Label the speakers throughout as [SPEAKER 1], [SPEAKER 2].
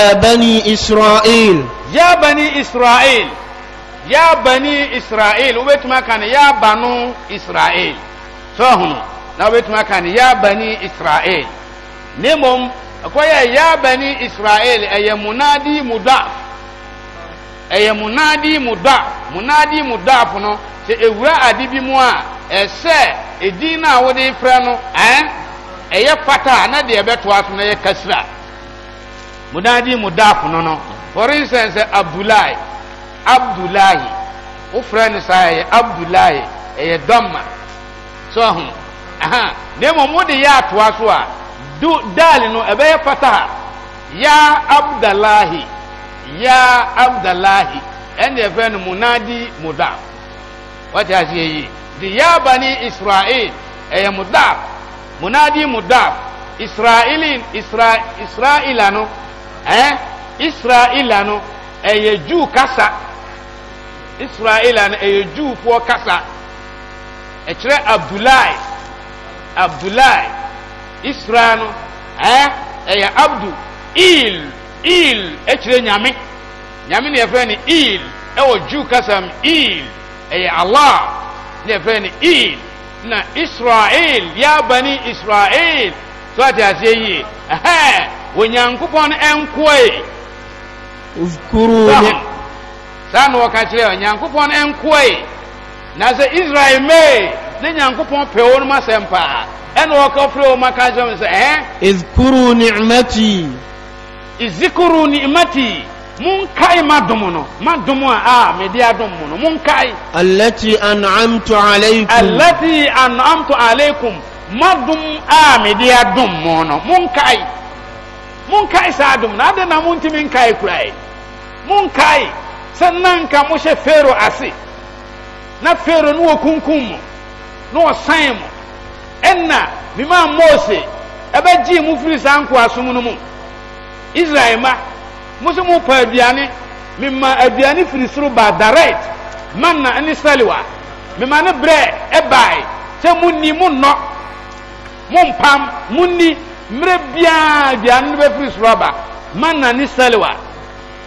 [SPEAKER 1] ya bani israil ya bani israil wobɛtumi aka ne yɛ ba no israel sɛ hono na wobɛtumi aka ne ya bani israil ne mmom ɛkɔyɛɛ ya bani israil ɛyɛ monad mo da ɛyɛ mo nadiy mo da mo naadiy mo dafo no tɛ ɛwura ade bi mu a ɛsɛ ɛdin no a wode y frɛ noɛ ɛyɛ fataa na deɛ ɛbɛtoa so no yɛ kasira mu na di mu daap no no for instance ɛ abdulahi abdulahi wo frɛne sa ɛyɛ abdulahi ɛyɛ dɔma soh nemu mo de yaa toa so a daale no ɛbɛyɛ fataha ya bdhi ya abdallahi ɛndeɛ vɛɛ no mu nadi mu daf watiase yɛyi de ya bani israil ɛyɛ mu da mo nadi mu daf israila no israila no ɛyɛ dwuu kasa israila no ɛyɛ dwuufoɔ kasa ɛkyerɛ abdulai abdulai isra noɛ ɛyɛ abdu il il ɛkyerɛ nyame nyame ne ɛfɛyɛ ne el ɛwɔ dwuu kasa m il ɛyɛ allah ne ɛfɛyɛ ne el na israil ya bani yisrail so ate aseɛyiyeɛhɛ akpn nk sanɔka akpn nk nas israil me neakp pemasmpa nk fr mka ru nmati mukaid d alati anmt likm madm a mda monkae saa adom na adɛn na montumi nkae kurae monkae sɛ na mohyɛ fero ase na fero no wɔkunkum mo na ɔsan mo ɛnna mema mose ɛbɛgyee mo firi saa nkoasom no mu israel ma mo so mopa aduane mema aduane firi soro baa direct manna ne saliwa mema ne berɛ ɛbae sɛ monni monnɔ mompam monni mmerɛ biara aduane no bɛfiri soro aba manna ne saliwa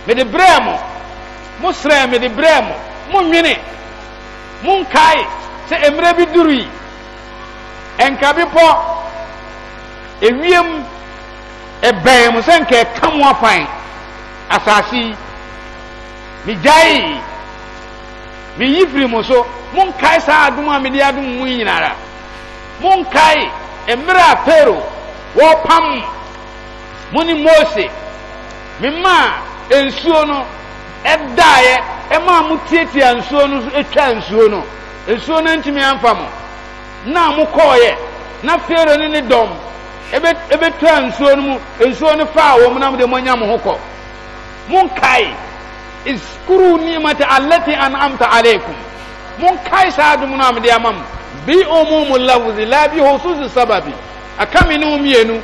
[SPEAKER 1] mede brɛɛ mo mo srɛ mede brɛɛ mo monwene monkae sɛ mmerɛ bi duru yi ɛnka bepɔ ewiem ɛbɛn mo sɛ nka ɛka mo afan asase yi megyae meyi firi mo so monkae saa adom a mede adom mu nyinara monkae mmerɛ a pɛro wɔpam mo ne mose memaa nsuo no ɛdaeɛ ɛmaa mo tiatia nsuo no so atwa nsuo no nsuo no ntumi amfa mo na mo kɔɔyɛ na fero ne ne dɔm ɛbɛtwa nsuo no mu nsuo no faa wɔ mu na mode moanya mo ho kɔ monkae iskuru nimata allati an'amta alaykum monkae saa adom no a mede ama mo bi umumu lafzi la bi hususi sababi aka me no momie nu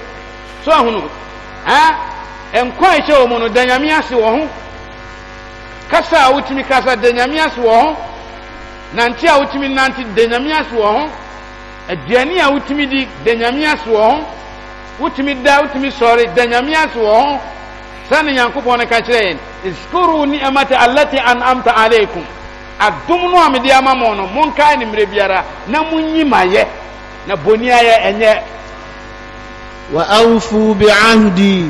[SPEAKER 1] so ahunu ɛnko a ɛhyɛ wɔ mu no da nyame ase wɔ ho kasa a wotumi kasa da nyame ase wɔ ho nanti a wotumi nante da name ase wɔ ho aduane a wotumi di da nyame ase wɔ ho wotumi da wotumi sɔre da nyame ase wɔ ho sane nyankopɔn no ka kyerɛ yɛn iskuru nimata alati anamta alaikum adom no a medeɛ ama mo no monkae ne mmerɛ biara na monnyimayɛ na boni aɛ ɛnyɛ وأوفوا بعهدي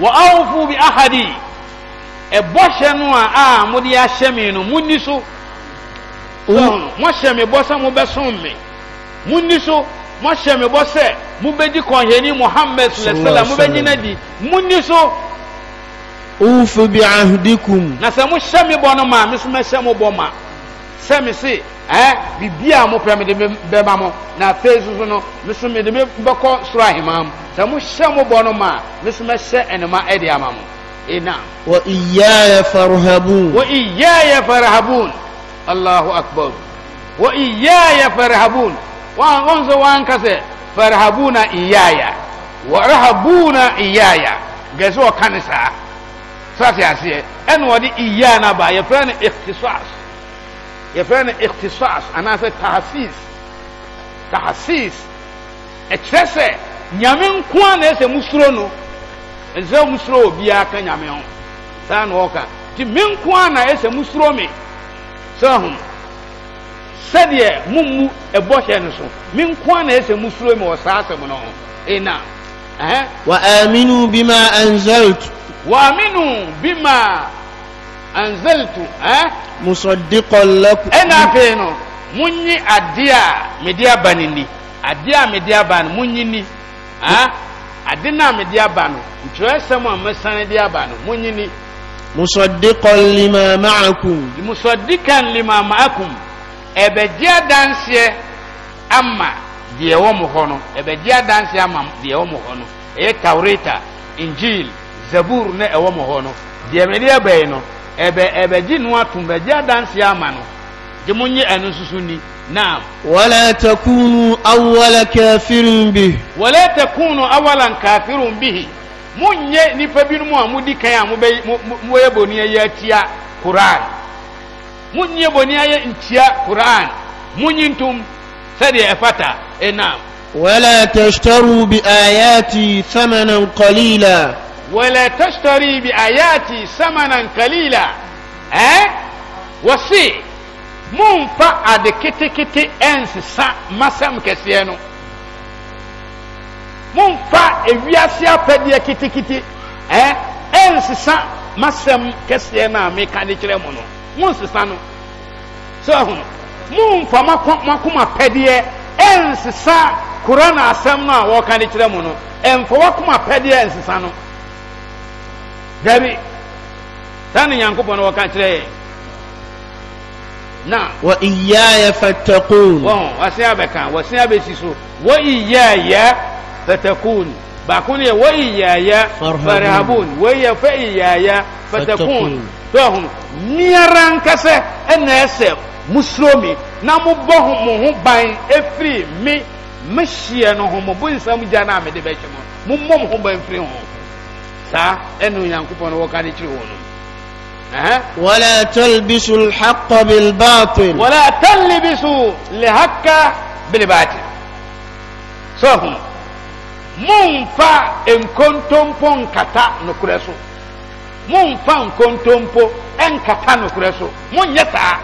[SPEAKER 1] وأوفوا بعهدي ẹbọ hyɛ no a a mo de ahyɛ mi no mo ni so mo hyɛ mi bɔ sɛ mo bɛ som mi mo ni so mo hyɛ mi bɔ sɛ mo bɛ di kɔnhɛni muhammed sɛlɛsɛlɛ mo bɛ nyina di mo ni so. ufu bi ahudikum. na sɛ mo hyɛ mi bɔ no ma mi so ma hyɛ mo bɔ ma. sɛ me seɛɛ biribi a mo prɛ mede bɛma mo na fei soso no meso mede mebɛkɔ soro ahema m sɛ mohyɛ mobɔ no maa mesomɛhyɛ ɛnoma ɛde ama mo anamiyaya farehabon allah akbar wo iyaya farehabun ɔn sɛ wɔanka sɛ farehabuna iyaya warahabuna iyaya nkɛɛ sɛ wɔka ne saa saate aseɛ ɛne wɔde iya no ba yɛfrɛ no ictisas yɛfrɛ no iktisas anaasɛ taasis taasis ɛkyerɛ sɛ nyame nko a na ɛsɛ m suro no ɛnsɛ musuro wɔ biaa ka nyame ho saa no ɔwɔ ka nti menko a na ɛsɛ m suro me sɛ hom sɛdeɛ mommu ɛbɔ hyɛ no so me nko a na ɛsɛ m suro me wɔ saa se mo no ho ana ɛ wɔamino b ma anzaltu eh musaddiqan lakum ina feno munyi adia media banini adia media ban munyi ni ah adina media ban ntwe sam a mesane dia ban munyi ni musaddiqan lima ma'akum musaddiqan lima ma'akum ebejia danse ama deɛ wɔ mo hɔ no ebegye adanse ama deɛ wɔ mo hɔ ɛyɛ tawreta injil zabur ne ɛwɔ mo hɔ no deɛ no ɛbɛ ɛbɛgye no atom bɛgye adanse ama no gye mo nye ɛno nso so ni naam. wala takunu awala kafirun bi. wala takunu awala kafirun bi mo nye nipa binom a mo di kan a mo bɛ mo yɛ boni ayɛ atia koran mo nye boni ayɛ ntia koran mo nye ntom sɛdeɛ ɛfata ɛnam. E wala tashtaru bi ayati thamanan qalila. wala tastare bi ayati samanan kalila wɔ se momfa ade ketekete nsisa masɛm kɛseɛ no momfa awiase a apɛdeɛ ketekete ɛnsisa masɛm kɛseɛ no a meka de kyerɛ mu no mo nsesa no sɛhun momfa makoma pɛdeɛ ɛnsesa kora no asɛm no a wɔreka de kyerɛ mu no ɛmfa woakoma pɛdeɛ nsesa no dabi saa ne nyankopɔn no wɔka kyerɛ yɛ na wa iyaya fatakun wɔn wɔsen abɛka wɔsen abɛsi so wɔ iyaya fatakun baako ne yɛ wɔ iyaya farahabun wɔ iyaya fɛ iyaya fatakun dɔɔhun niara nkasa ɛna ɛsɛ musulomi na mo bɔ mo ho ban efiri mi mehyia no ho mo bo nsɛm gya na amede bɛhyɛ mo mo mo ho ban firi ho saa ɛna onyankopɔn no wɔka de kyerɛ wɔn no wala talbisu alhaqa bilbatil wala talbisu alhaqa bilbatil so momfa nkontompo nkata nokorɛ so momfa nkontompo nkata nokorɛ so monyɛ saa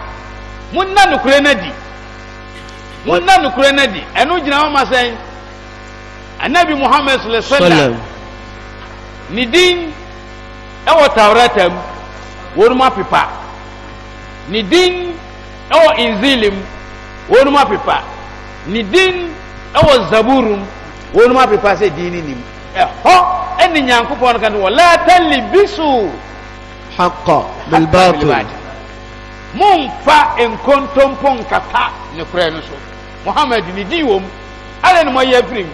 [SPEAKER 1] monna nokorɛ no adi monna nokorɛ no adi ɛno gyina hɔ ma sɛn annabi muhammad sallallahu alaihi wasallam ne din ɛwɔ taurata mu wɔn mu apepa ne din ɛwɔ inzili mu wɔn mu apepa ne din ɛwɔ zaburu mu apepa sɛ din ne nim ɛhɔ ɛne nyankopɔn ka no wɔlaa tali bi so hakɔ bilbaatu mumfa nkontompo nkata ne korɛ no so muhammad ne din wɔ mu ala ne mo yɛ firi mu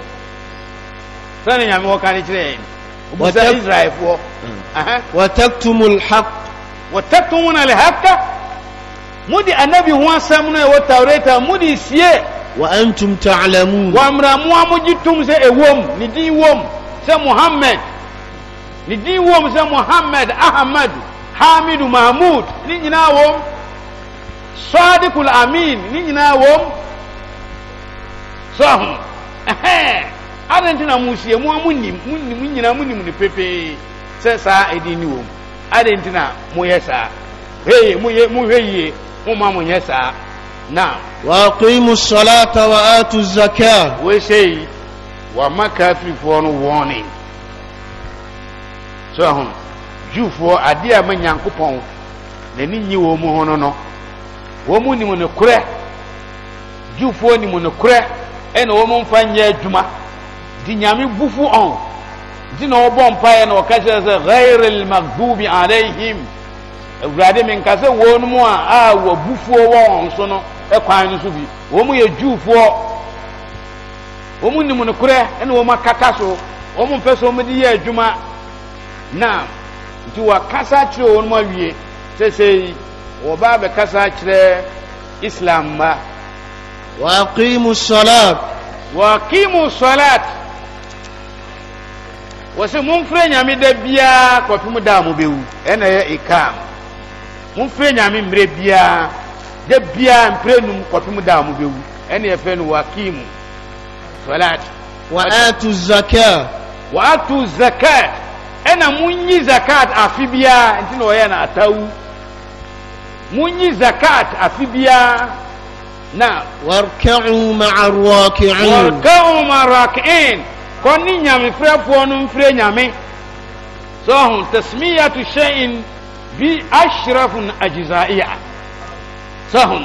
[SPEAKER 1] sani nyame wɔ ka ne kyerɛ yɛn ئق وتتون الحق مدi انبي ه sنwترt مدi sومرتمs wم ي و s مhد دي wم s مhمد احمد حامد محمود نiنا wم صادق الامين نناوم adịn nti na mu sie mu mu nim mu nim nyinaa mu nim no pepee sɛ saa ɛdi ni wɔm adịn nti na mu yɛ saa heye mu yɛ mu hɛ yie mu ma mu yɛ saa na. wa aqimu salata wa atu zaka. wesei wa ma kafirifoɔ no warning so ahom juufoɔ adeɛ a ma nyankopɔn n'ani nyi wɔn mu ho no no wɔn mu nim no korɛ juufoɔ nim no korɛ ɛna wɔn mfa nyɛ adwuma. nti nyame bu fu ɔn e e nti e na ɔbɔ mpaeɛ na ɔka kyerɛ sɛ ghairil maghdubi alaihim awurade menka sɛ wɔnom a a wɔbufuo wɔ wɔn so no ɛkwan no so bi wɔn mu yɛ juufoɔ wɔn mu nim nokorɛ ɛna wɔn akaka so wɔn mpɛ so wɔn de yɛ adwuma na nti wɔakasa kyerɛ wɔn mu awie sɛsɛyi wɔba abɛkasa kyerɛ islam mba. wɔakimu sɔlat. wɔakimu sɔlat. wɔ sɛ momferɛ nyame da biara kɔpem da mo bɛwu ɛna ɛyɛ ikam momfrɛ nyame mberɛ biara da biar mprɛnum kɔpem daw mo bɛwu ɛneɛ fɛ no wakimu slatw atoo zakat ɛna monnyi zakat afibiara ɛnti na ɔyɛ no atawu monyi zakat afibiara nama rakeiin kɔni nyamefrɛfoɔ no mfrɛ nyame sɛ ɔho tasmiyatu shyin bi ashrafun ajizaia sɛ ho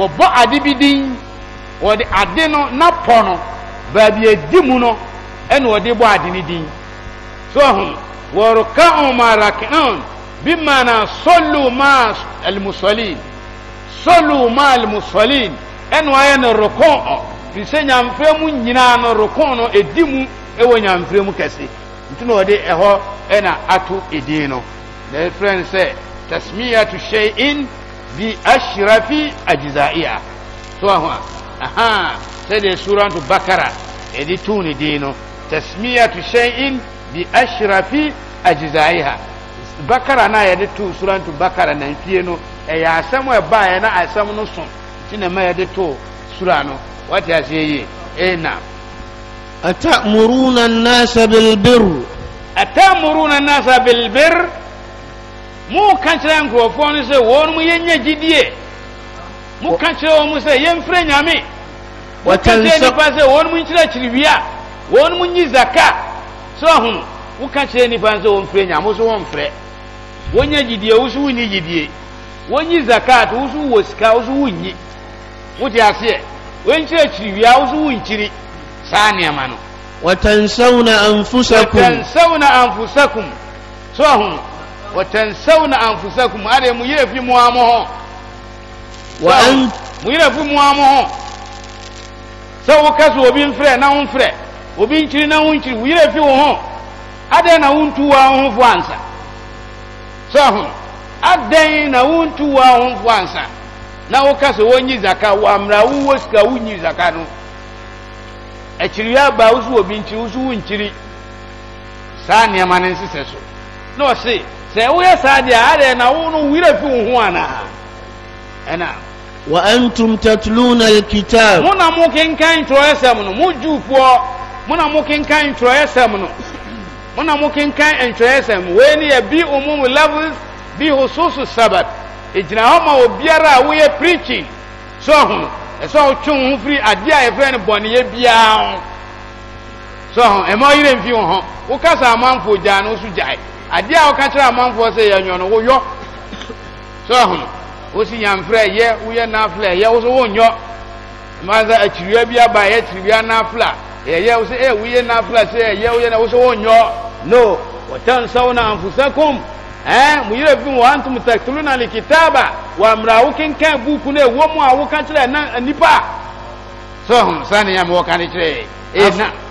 [SPEAKER 1] wɔbɔ ade bi din wɔde ade no napɔ no baabi adi mu no ɛna wɔde bɔ ade no din sɛ ho wɔrekaho ma rakion solu ma almusolin solu ma almusolin ɛna wɔayɛ no rokon firi sɛ nyamfrɛ mu nyinaa no rokon no ɛdi mu ɛwɔ nyamfrɛ mu kɛse nti na wɔde ɛhɔ ɛna ato ɛdin no na ɛfrɛ no sɛ tasmiyatu shay'in bi ashrafi ajza'ia so aho a aha sɛdeɛ suranto bakara ɛde too ne din no tasmiyatu shay'in bi ashrafi ajzaiha bakara na yɛde too suranto bakara nantwie no ɛyɛ asɛm a ɛbaeɛ na asɛm no so nti na ɛma yɛde too sura no wate aseɛ yi eh, na atamoruna nnasa bilbir moka kyerɛ nkurɔfɔ no sɛ wɔ nom yɛnya gyidiɛ moka kyerɛ wɔ m sɛ yɛmfrɛ nyame wka erɛ nnipa sɛ ɔ nm nkyerɛ akyiriwia wɔ nom nyi zaka sɛ ahunu woka kyerɛ nnipa n sɛ wɔmfrɛ nyam wosowo mfrɛ wonya gyidie woso wo nni gyidie wɔnnyi zaka t woso wowɔ sika wo so wonnyi wote aseɛ wenkyire akyiri wia wo so wonkyiri saa nneɛma notansaw na amfusakm admyef hmo yerɛ fi mo a mɔ hɔ sɛ wo ka so obi mfrɛ na wo mfrɛ obi nkyiri na wonkyiri wo yerɛ fi wo hɔ adɛn na wontu wa hofoɔ ansa s hoo adɛn na wontu wa ho foɔ ansa na woka so wonyi zaka wo amarɛ wowo sika wonnyi saka no akyiriwie abaa wo so wɔ bi nkyiri wo so wo nkyiri saa nnoɔma ne nse sɛ so ne ɔse sɛ woyɛ saa deɛa arɛɛnawo no wyira fi wo ho anaa ɛnamona mokenkan ntyrɔɛ sɛm no moduufoɔ mona mo kenkan nwrɔɛ sɛm no mona mo kenkan ntwrɔɛ sɛm no wɔi ni yɛ b umum lovls b husus sabat egyina hɔ ma obiara a woyɛ preakyi sɛ ɔho ɛsɛ wotwe wo ho firi adeɛ a yɛfrɛ no bɔneyɛ biara ho sɛ ɔho ɛma ɔyerɛ mfi wo ho woka sɛ amanfoɔ gyaa no wo so gyae adeɛ a woka kyerɛ amanfoɔ sɛ yɛnyɔ no woyɔ sɛ ɔho wo si nyamfrɛ ɛyɛ woyɛ nafla ɛyɛ wo so wonyɔ ma sɛ akyiriwia bi aba ɛyɛ kyiriwia nafla ɛyɛ wo sɛ ɛ woyɛ nafla sɛ ɛyɛ woyɛ na wo so wonyɔ no wɔtansawna anfusakum ɛn eh, muyire fi wa antum taktuluna likitaba wa mrawo kenkan buku ne wo mu awo kan kyerɛ na nipa so sani ya mi wɔ kan kyerɛ